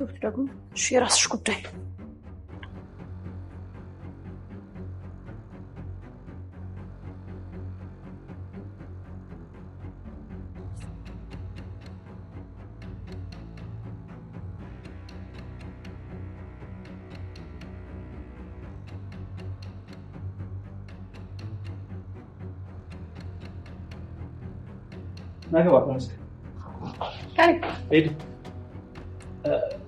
Drugi dragon? Še raz é que eu vatanske. Kaj? Vedi. Uh,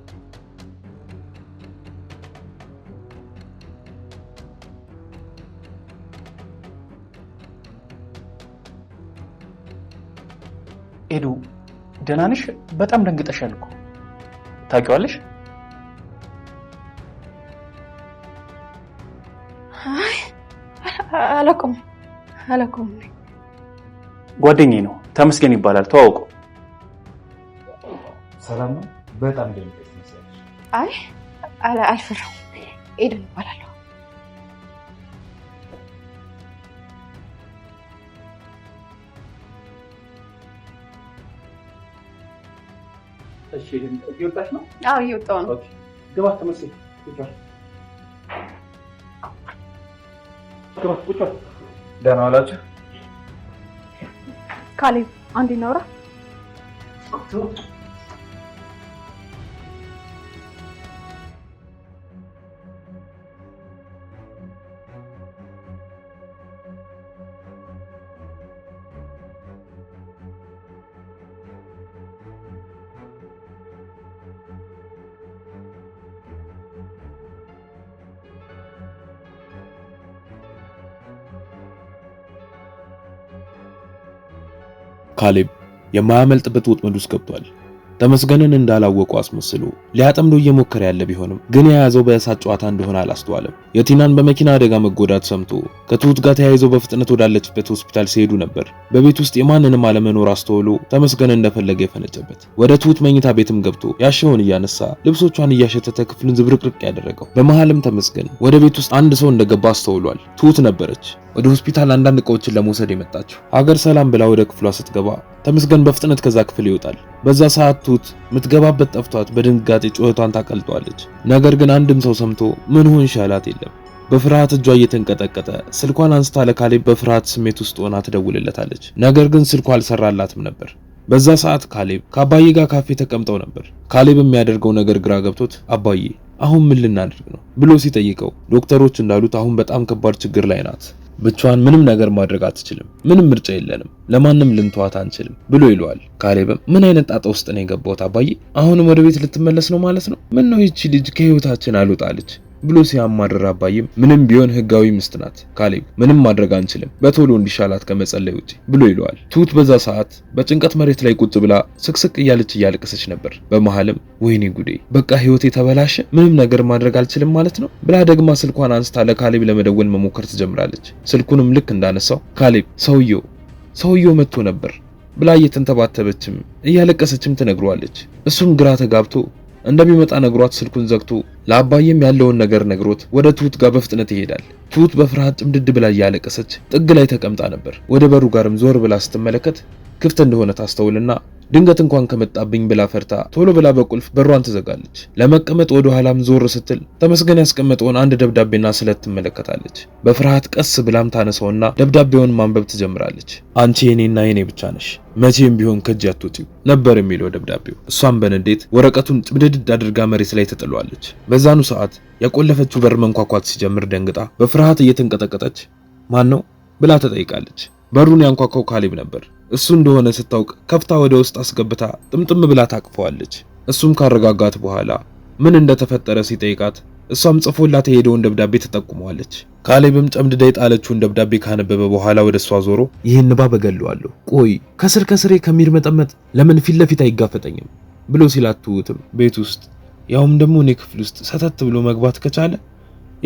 ኤዱ ደህና ነሽ? በጣም ደንግጠሻል እኮ ታውቂዋለሽ? አይ አላውቀውም አላውቀውም። ጓደኛዬ ነው ተመስገን ይባላል። ተዋውቁ። ሰላም ነው። በጣም ደንግጠሽ መሰለሽ። አይ አልፈራሁም። ኤደን ይባላለሁ። እሺ፣ እየወጣሽ ነው? አዎ፣ እየወጣሁ ነው። ኦኬ፣ ግባ። ተመስል ደህና ዋላችሁ። ካሌብ አንዴ እናውራ። ካሌብ የማያመልጥበት ወጥመድ ውስጥ ገብቷል። ተመስገንን እንዳላወቁ አስመስሉ ሊያጠምዶ እየሞከረ ያለ ቢሆንም ግን የያዘው በእሳት ጨዋታ እንደሆነ አላስተዋለም። የቲናን በመኪና አደጋ መጎዳት ሰምቶ ከትሁት ጋር ተያይዘው በፍጥነት ወዳለችበት ሆስፒታል ሲሄዱ ነበር በቤት ውስጥ የማንንም አለመኖር አስተውሎ ተመስገን እንደፈለገ የፈነጨበት። ወደ ትሁት መኝታ ቤትም ገብቶ ያሸውን እያነሳ ልብሶቿን እያሸተተ ክፍሉን ዝብርቅርቅ ያደረገው። በመሃልም ተመስገን ወደ ቤት ውስጥ አንድ ሰው እንደገባ አስተውሏል። ትሁት ነበረች ወደ ሆስፒታል አንዳንድ እቃዎችን ለመውሰድ የመጣችው። ሀገር ሰላም ብላ ወደ ክፍሏ ስትገባ ተመስገን በፍጥነት ከዛ ክፍል ይወጣል። በዛ ሰዓት ቱት የምትገባበት ጠፍቷት በድንጋጤ ጩኸቷን ታቀልጧለች። ነገር ግን አንድም ሰው ሰምቶ ምን ሆን ያላት የለም። በፍርሃት እጇ እየተንቀጠቀጠ ስልኳን አንስታ ለካሌብ በፍርሃት ስሜት ውስጥ ሆና ትደውልለታለች። ነገር ግን ስልኳ አልሰራላትም ነበር። በዛ ሰዓት ካሌብ ከአባዬ ጋር ካፌ ተቀምጠው ነበር። ካሌብ የሚያደርገው ነገር ግራ ገብቶት አባዬ አሁን ምን ልናደርግ ነው ብሎ ሲጠይቀው ዶክተሮች እንዳሉት አሁን በጣም ከባድ ችግር ላይ ናት ብቻዋን ምንም ነገር ማድረግ አትችልም፣ ምንም ምርጫ የለንም፣ ለማንም ልንተዋት አንችልም ብሎ ይለዋል። ካሌብም ምን አይነት ጣጣ ውስጥ ነው የገባሁት አባዬ? አሁንም ወደ ቤት ልትመለስ ነው ማለት ነው? ምን ነው ይቺ ልጅ ከህይወታችን አልወጣለች ብሎ ሲያማርር አባይም ምንም ቢሆን ህጋዊ ሚስት ናት ካሌብ፣ ምንም ማድረግ አንችልም በቶሎ እንዲሻላት ከመጸለይ ውጪ ብሎ ይለዋል። ትሁት በዛ ሰዓት በጭንቀት መሬት ላይ ቁጭ ብላ ስቅስቅ እያለች እያለቀሰች ነበር። በመሃልም ወይኔ ጉዴ በቃ ህይወት የተበላሸ ምንም ነገር ማድረግ አልችልም ማለት ነው ብላ ደግማ ስልኳን አንስታ ለካሌብ ለመደወል መሞከር ትጀምራለች። ስልኩንም ልክ እንዳነሳው ካሌብ ሰውየው ሰውየው መጥቶ ነበር ብላ እየተንተባተበችም እያለቀሰችም ትነግሯለች። እሱም ግራ ተጋብቶ እንደሚመጣ ነግሯት ስልኩን ዘግቶ ለአባዬም ያለውን ነገር ነግሮት ወደ ትሁት ጋር በፍጥነት ይሄዳል። ትሁት በፍርሃት ጭምድድ ብላ እያለቀሰች ጥግ ላይ ተቀምጣ ነበር። ወደ በሩ ጋርም ዞር ብላ ስትመለከት ክፍት እንደሆነ ታስተውልና ድንገት እንኳን ከመጣብኝ ብላ ፈርታ ቶሎ ብላ በቁልፍ በሯን ትዘጋለች። ለመቀመጥ ወደ ኋላም ዞር ስትል ተመስገን ያስቀመጠውን አንድ ደብዳቤና ስለት ትመለከታለች። በፍርሃት ቀስ ብላም ታነሳውና ደብዳቤውን ማንበብ ትጀምራለች። አንቺ የኔና የኔ ብቻ ነሽ፣ መቼም ቢሆን ከእጅ አትወጪም ነበር የሚለው ደብዳቤው። እሷም በንዴት ወረቀቱን ጭምድድድ አድርጋ መሬት ላይ ተጥሏለች። በዛኑ ሰዓት ያቆለፈችው በር መንኳኳት ሲጀምር ደንግጣ በፍርሃት እየተንቀጠቀጠች ማን ነው ብላ ተጠይቃለች። በሩን ያንኳኳው ካሌብ ነበር። እሱ እንደሆነ ስታውቅ ከፍታ ወደ ውስጥ አስገብታ ጥምጥም ብላ ታቅፈዋለች። እሱም ካረጋጋት በኋላ ምን እንደተፈጠረ ሲጠይቃት እሷም ጽፎላት የሄደውን ደብዳቤ ተጠቁመዋለች። ካሌብም ጨምድዳ የጣለችውን ደብዳቤ ካነበበ በኋላ ወደ እሷ ዞሮ ይህን እባብ እገለዋለሁ፣ ቆይ ከስር ከስሬ ከሚርመጠመጥ ለምን ፊት ለፊት አይጋፈጠኝም ብሎ ሲላት ቤት ውስጥ ያውም ደግሞ እኔ ክፍል ውስጥ ሰተት ብሎ መግባት ከቻለ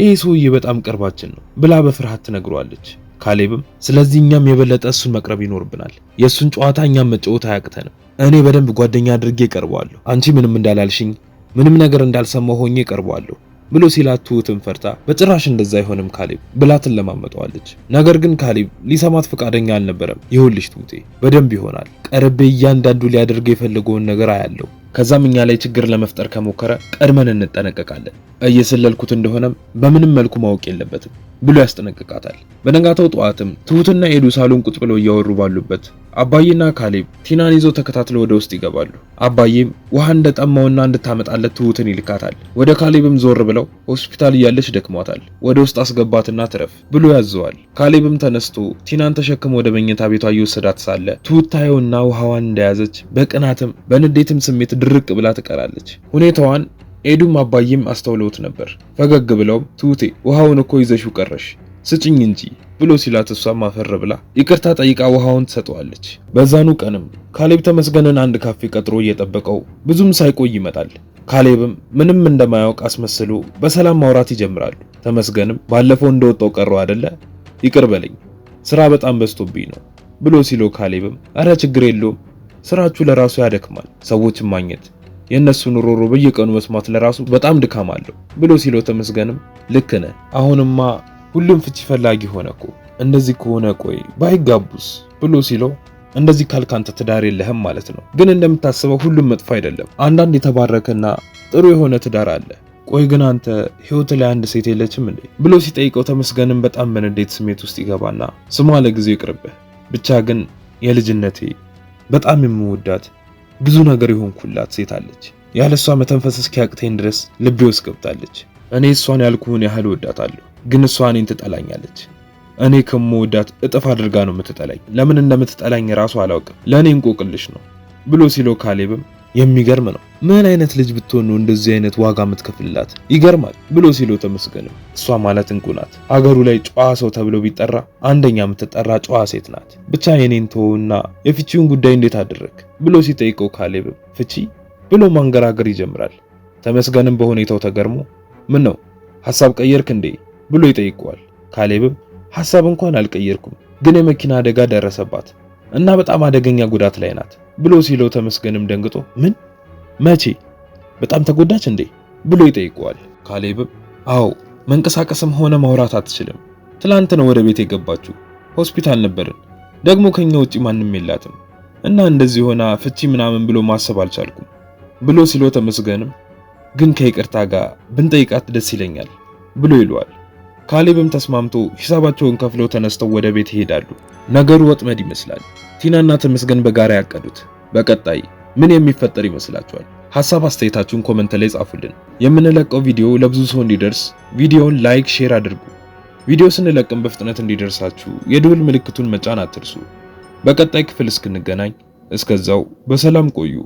ይህ ሰውዬ በጣም ቅርባችን ነው ብላ በፍርሃት ትነግሯለች። ካሌብም ስለዚህ እኛም የበለጠ እሱን መቅረብ ይኖርብናል። የእሱን ጨዋታ እኛም መጫወት አያቅተንም። እኔ በደንብ ጓደኛ አድርጌ እቀርበዋለሁ። አንቺ ምንም እንዳላልሽኝ፣ ምንም ነገር እንዳልሰማ ሆኜ እቀርበዋለሁ ብሎ ሲላት ትሁትን ፈርታ በጭራሽ እንደዛ አይሆንም ካሌብ ብላትን ለማመጠዋለች። ነገር ግን ካሌብ ሊሰማት ፈቃደኛ አልነበረም። ይሁልሽ ትሁቴ፣ በደንብ ይሆናል። ቀርቤ እያንዳንዱ ሊያደርግ የፈለገውን ነገር አያለው። ከዛም እኛ ላይ ችግር ለመፍጠር ከሞከረ ቀድመን እንጠነቀቃለን። እየሰለልኩት እንደሆነም በምንም መልኩ ማወቅ የለበትም ብሎ ያስጠነቅቃታል። በነጋታው ጠዋትም ትሁትና ኤዱ ሳሎን ቁጭ ብለው እያወሩ ባሉበት አባዬና ካሌብ ቲናን ይዘው ተከታትለው ወደ ውስጥ ይገባሉ። አባዬም ውሃ እንደጠማውና እንድታመጣለት ትሁትን ይልካታል። ወደ ካሌብም ዞር ብለው ሆስፒታል እያለች ደክሟታል፣ ወደ ውስጥ አስገባትና ትረፍ ብሎ ያዘዋል። ካሌብም ተነስቶ ቲናን ተሸክሞ ወደ መኝታ ቤቷ እየወሰዳት ሳለ ትሁት ታየውና ውሃዋን እንደያዘች በቅናትም በንዴትም ስሜት ድርቅ ብላ ትቀራለች። ሁኔታዋን ኤዱም አባዬም አስተውለውት ነበር። ፈገግ ብለው ትሁቴ ውሃውን እኮ ይዘሽው ቀረሽ ስጭኝ እንጂ ብሎ ሲላት እሷም አፈር ብላ ይቅርታ ጠይቃ ውሃውን ትሰጠዋለች። በዛኑ ቀንም ካሌብ ተመስገንን አንድ ካፌ ቀጥሮ እየጠበቀው ብዙም ሳይቆይ ይመጣል። ካሌብም ምንም እንደማያውቅ አስመስሎ በሰላም ማውራት ይጀምራሉ። ተመስገንም ባለፈው እንደወጣው ቀረው አደለ፣ ይቅር በለኝ ስራ በጣም በዝቶብኝ ነው ብሎ ሲለው ካሌብም አረ ችግር የለውም ስራችሁ ለራሱ ያደክማል ሰዎችን ማግኘት የእነሱን ሮሮ በየቀኑ መስማት ለራሱ በጣም ድካም አለው ብሎ ሲለው ተመስገንም ልክ ነህ፣ አሁንማ ሁሉም ፍቺ ፈላጊ ሆነ እኮ እንደዚህ ከሆነ ቆይ ባይጋቡስ ብሎ ሲለው እንደዚህ ካልካንተ ትዳር የለህም ማለት ነው። ግን እንደምታስበው ሁሉም መጥፎ አይደለም። አንዳንድ የተባረከና ጥሩ የሆነ ትዳር አለ። ቆይ ግን አንተ ህይወት ላይ አንድ ሴት የለችም እንዴ ብሎ ሲጠይቀው ተመስገንም በጣም በንዴት ስሜት ውስጥ ይገባና ስሟ ለጊዜው ይቅርብህ፣ ብቻ ግን የልጅነቴ በጣም የምወዳት ብዙ ነገር የሆንኩላት ሴት አለች። ያለ እሷ መተንፈስ እስኪያቅተኝ ድረስ ልቤ ውስጥ ገብታለች። እኔ እሷን ያልኩህን ያህል ወዳታለሁ፣ ግን እሷ እኔን ትጠላኛለች። እኔ ከምወዳት እጥፍ አድርጋ ነው የምትጠላኝ። ለምን እንደምትጠላኝ ራሱ አላውቅም። ለእኔ እንቆቅልሽ ነው ብሎ ሲለው ካሌብም የሚገርም ነው። ምን አይነት ልጅ ብትሆን ነው እንደዚህ አይነት ዋጋ የምትከፍልላት? ይገርማል ብሎ ሲሎ ተመስገንም እሷ ማለት እንቁ ናት። አገሩ ላይ ጨዋ ሰው ተብሎ ቢጠራ አንደኛ የምትጠራ ጨዋ ሴት ናት። ብቻ የኔን ተውና የፍቺውን ጉዳይ እንዴት አደረግ ብሎ ሲጠይቀው ካሌብም ፍቺ ብሎ ማንገራገር ይጀምራል። ተመስገንም በሁኔታው ተገርሞ ምን ነው ሐሳብ ቀየርክ እንዴ ብሎ ይጠይቀዋል። ካሌብም ሐሳብ እንኳን አልቀየርኩም፣ ግን የመኪና አደጋ ደረሰባት እና በጣም አደገኛ ጉዳት ላይ ናት ብሎ ሲለው ተመስገንም ደንግጦ ምን መቼ በጣም ተጎዳች እንዴ ብሎ ይጠይቀዋል። ካሌብም አዎ መንቀሳቀስም ሆነ ማውራት አትችልም። ትላንት ነው ወደ ቤት የገባችው። ሆስፒታል ነበርን። ደግሞ ከኛ ውጪ ማንም የላትም እና እንደዚህ ሆና ፍቺ ምናምን ብሎ ማሰብ አልቻልኩም ብሎ ሲለው ተመስገንም ግን ከይቅርታ ጋር ብንጠይቃት ደስ ይለኛል ብሎ ይለዋል። ካሌብም ተስማምቶ ሂሳባቸውን ከፍለው ተነስተው ወደ ቤት ይሄዳሉ። ነገሩ ወጥመድ ይመስላል። ቲናና ተመስገን በጋራ ያቀዱት። በቀጣይ ምን የሚፈጠር ይመስላችኋል? ሐሳብ አስተያየታችሁን ኮመንት ላይ ጻፉልን። የምንለቀው ቪዲዮ ለብዙ ሰው እንዲደርስ ቪዲዮውን ላይክ፣ ሼር አድርጉ። ቪዲዮ ስንለቅም በፍጥነት እንዲደርሳችሁ የደወል ምልክቱን መጫን አትርሱ። በቀጣይ ክፍል እስክንገናኝ እስከዛው በሰላም ቆዩ።